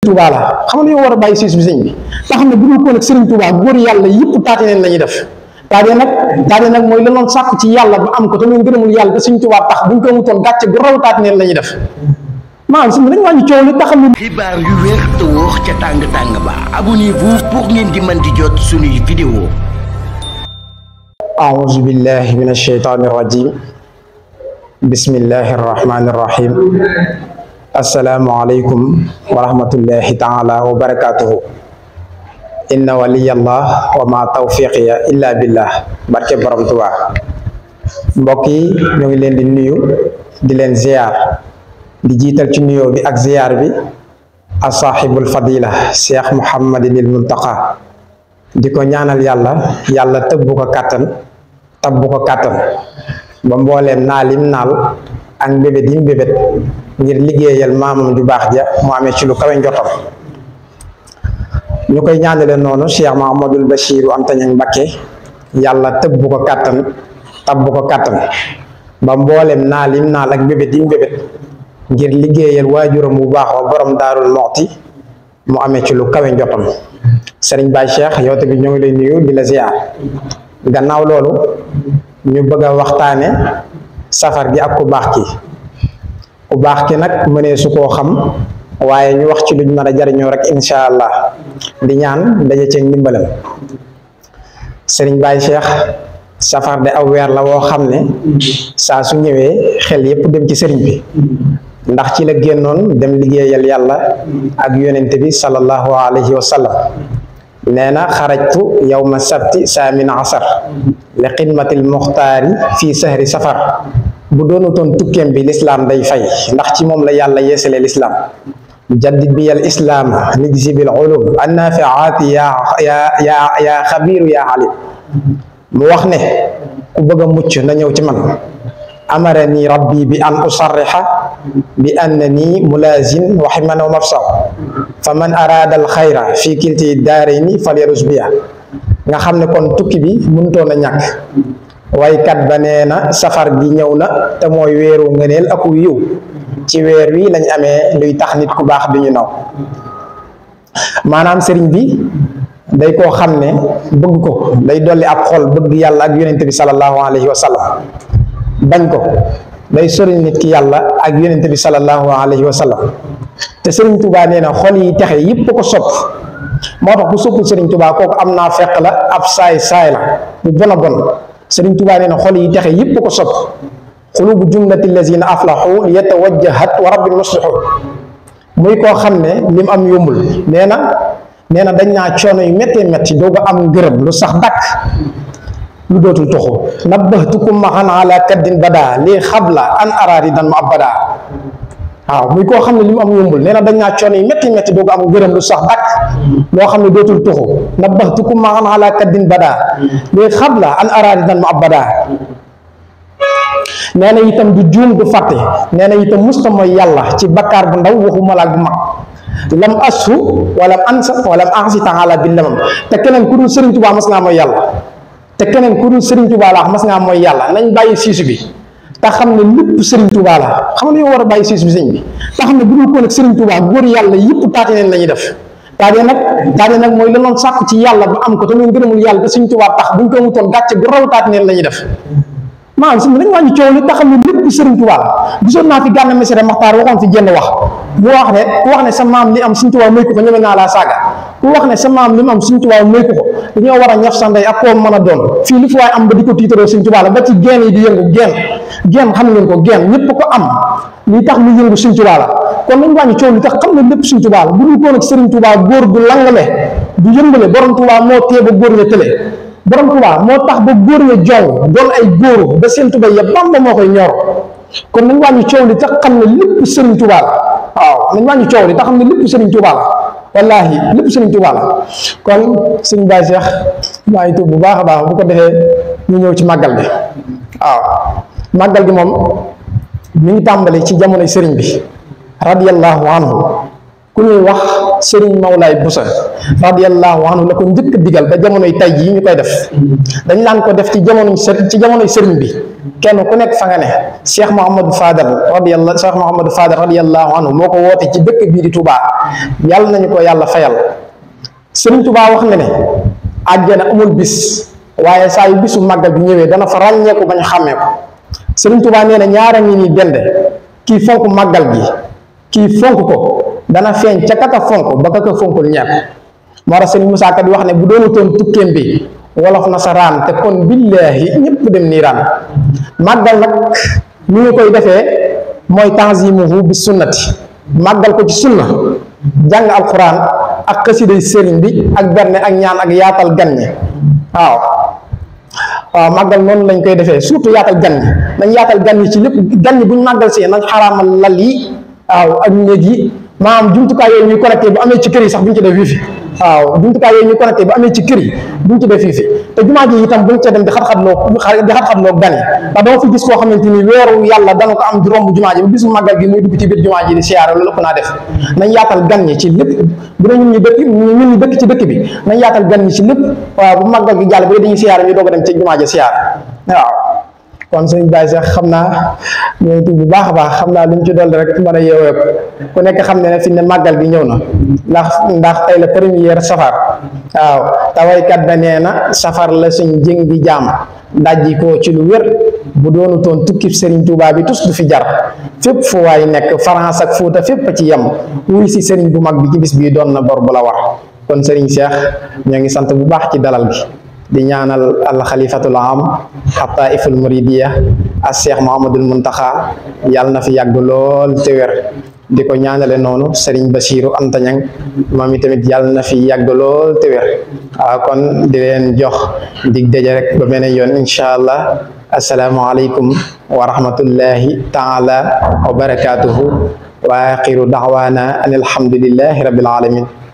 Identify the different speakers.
Speaker 1: touba la xam nga yow war a bàyyi siis bi sëñ bi nga xam ne bu dul ko nag sëriñ touba góor yàlla yëpp taate neen def taate nag taate nag mooy la doon sàkku ci yàlla ba am ko te muy ngërëmul yàlla ba sëñ touba tax buñ ko mutoon gàcce gu raw taate neen def Man, sëñ bi dañ wàññi coow li nga xam ne xibaar yu wér te wóor ca tàng tàng ba abonnez-vous pour ngeen di mën di jot suñuy vidéo أعوذ بالله من الشيطان الرجيم بسم الله الرحمن asalaamualeykum wa rahmatullahi taala wa barakatuhu inna waliyallah wa ma tawfiqiya illa billah barke borom Tuubaa mbokk yi ñu ngi leen di nuyu di leen ziyaar di jiital ci nuyoo bi ak ziyaar bi a saaxibul fadila cheikh muhammadinil muntaqa di ko ñaanal yàlla yàlla tëbbu ko kàttan tëbbu ko kàttan ba mbooleem naalim naal ak mbébét yi mbébét ngir liggéeyal maamam ju baax ja mu amee ci lu kawe njotam ñu koy ñaanale noonu Cheikh Mahamadul Bachiru am tañang Mbakke yàlla tëbb ko kàttan tabb ko kàttan ba mboolem naal yim naal ak bébét yim bébét ngir liggéeyal waajuram bu baax wa borom daarul moxti mu amee ci lu kawe njotam sëriñ baay Cheikh yow tamit ñoo ngi lay nuyu di la gannaaw loolu ñu bëgg a waxtaane safar gi ak ku baax ki ku bax ci nak mene su ko xam waye ñu wax ci luñ mëna a rek inshallah allah di ñaan daje ci ñimbalam serigne Baye Cheikh safar de awer la wo xamne ne su ñewé xel yépp dem ci serigne bi ndax ci la gennon dem liggéeyal yalla ak bi sallallahu alayhi wa sallam nena kharajtu yawma sabti saamin asar li xidmatil muxtaari fii sahri safar bu doonutoon tukem bi l'islam day fay ndax ci mom la yàlla yeesale l'islam jaddid bi al islam nijzi bil ulum annaafiaati ya ya ya khabir ya alim mu wax ne ku bëgg mucc na ñëw ci man amarani rabbi bi an usarriha bi annani mulaasin wa ximan wa mafsaw faman arada al khaira fi kilti daarayni falyarus nga xamne kon tukki bi mënutoon a ñak waykat ba nee na safar bi ñëw na te mooy weeru ngëneel ak yiw ci weer wii lañ amee luy tax nit ku baax duñu naw maanaam sëriñ bi day koo xam ne bëgg ko day dolli ab xol bëgg yàlla ak yonent bi sallallahu alayhi wa sallam bañ ko day sori nit ki yàlla ak yonent bi sallallahu alayhi wa sallam te sëriñ tubaa nee na xol yi texe yëpp ko sopp moo tax bu soppul sëriñ tubaa kooku am naa fekk la ab saay saay la bu bon a bon سرين توبا نينا خولي يتخي يب بكو قلوب جملة الذين أفلحوا ليتوجهت ورب المصلحوا موي كو خامني ام يومل نينا نينا دنيا تشونو يمتي متي دوغا ام غرم لو صاح داك لو دوتو توخو نبهتكم عن على كد بدا لي خبلا ان ارى ردا مؤبدا waaw muy ko xamne limu am yombul neena dañ na coono metti metti métti am gërëm lu sax ak lo xamne ne dootul tuxu nabbaxtuku maan ala kaddin badaa léegi xam la an araadi dan mu ab badaa itam du joom du fàtte neena itam mustama yalla ci bakar bu ndaw waxuma la gu lam asu wala ansa wala ansi taala billam te kenen ku dul serigne touba mas ngaa yalla te kenen ku dul serigne touba la mas ngaa mooy nañ bayyi sisu bi te xam ne lépp Serigne Touba la xam ne yow war a bàyyi siis bi sëñ bi te xam ne bu dul ko nag Serigne Touba góor yàlla yëpp taatineen la ñuy def taatee nag taatee nag mooy la doon sàkku ci yàlla ba am ko te muy ngërëmul yàlla ba Serigne Touba tax bu ñu ko amutoon gàcce gu raw taatineen la ñuy def maanaam si nañ wàññi coow mu ne ku wax a ñaf sanday a doon fii lu ba di ko tiitaroo mu yëngu sëriñ Tuubaa la coow li tax xam ne lépp sëriñ Tuubaa la bu ñu ko sëriñ Tuubaa góor gu langale du yëmbale borom Tuubaa moo tee góor nga tële borom Tuubaa moo tax ba góor ña joŋ doon ay góor ba seen Tuubaa ya Bàmba moo koy ñor kon nañ wàññi coow li tax xam ne lépp Sëriñ Tuubaa la waaw nañ wàññi xam ne lépp Sëriñ Tuubaa la wallaahi lépp Sëriñ Tuubaa la kon suñu Baay Seex maa ngi tuub bu baax a baax bu ko defee ñu ñëw ci màggal bi waaw màggal gi moom mi ngi tàmbali ci jamonoy sëriñ bi radiyallahu anhu ku ñuy wax Serigne Mawlaay Busa radiyallahu anhu la ko njëkk digal ba jamonoy tay jii ñu koy def dañ laan ko def ci jamono ci jamonoy sëriñ bi kenn ku nekk fa nga ne Cheikh Mouhamadou Fadal radiyallahu Cheikh Mouhamadou Fadal radiyallahu anhu moo ko woote ci dëkk bii di Touba yàlla nañu ko yàlla fayal Serigne Touba wax na ne àjjana amul bis waaye saa yu bisu màggal bi ñëwee dana fa ràññeeku bañ xàmmee ko Serigne Touba nee na ñaara ngi nii dend kii fonk màggal gi kii fonk dana feeñ ca kata fonko ba kaka fonko ñak mo tax sëñ Moussa Ka di wax ne bu ton tukkeem bi wolof nasaran te kon billahi ñepp dem niiraan màggal nag ñu koy defé moy tanzimuhu bis sunnati magal ko ci sunna jang alquran ak qasida sëriñ bi ak berne ak ñaan ak yaatal ganni waaw wa magal non lañ koy defé surtout yaatal gan dañ yaatal ganni ci lepp ganni buñ magal see nak haramal lali waaw ak néeg yi maanaam jumtukaay yooyu ñuy connecté bu amee ci kër yi sax buñu ci def wifi waaw jumtukaay yooyu ñuy connecté bu amee ci kër yi buñu ci def wifi te jumaa ji itam buñ ca dem di xat-xatloo di xat-xatloo gan yi ndax loolu ko naa def nañ yaatal gan ñi ci lépp bu dee ñun ñu dëkk ñun ñu dëkk ci dëkk bi nañ yaatal gan ñi ci lépp waaw bu màggal gi jàll bu dee dañuy siyaare ñu doog a dem ci jumaa ji siyaare waaw kon sëñ Baye sax xam naa yooyu bu baax a baax xam naa luñ ci dolli rek mën a ko ku nekk xam ne ne fi ne màggal gi ñëw na ndax ndax tey la première safar waaw tawaykat ba nee na safar la suñ jëng bi jaam dajji ko ci lu wér bu doonu toon tukki Serigne Touba bi tus du fi jar fépp fu waay nekk France ak Fuuta fépp ci yem wuy si Serigne bu mag bi ci bis bi doon na bor bu la war kon Serigne Cheikh ñoo ngi sant bu baax ci dalal bi di ñaanal al khalifatul am xataa iful muridiya al cheikh Mouhamadul Muntaxa yàlla na fi yag lool te wér diko ñaanale nonu Serigne Bassirou antagnang mami tamit itamit na fi yag lool te wér kon di len jox dig deje rek ba beneen yon inshallah allah asalaamualeykum wa rahmatullahi taala wa barakaatuhu wa axiru daxwaana an alhamdulillahi rabbil alamin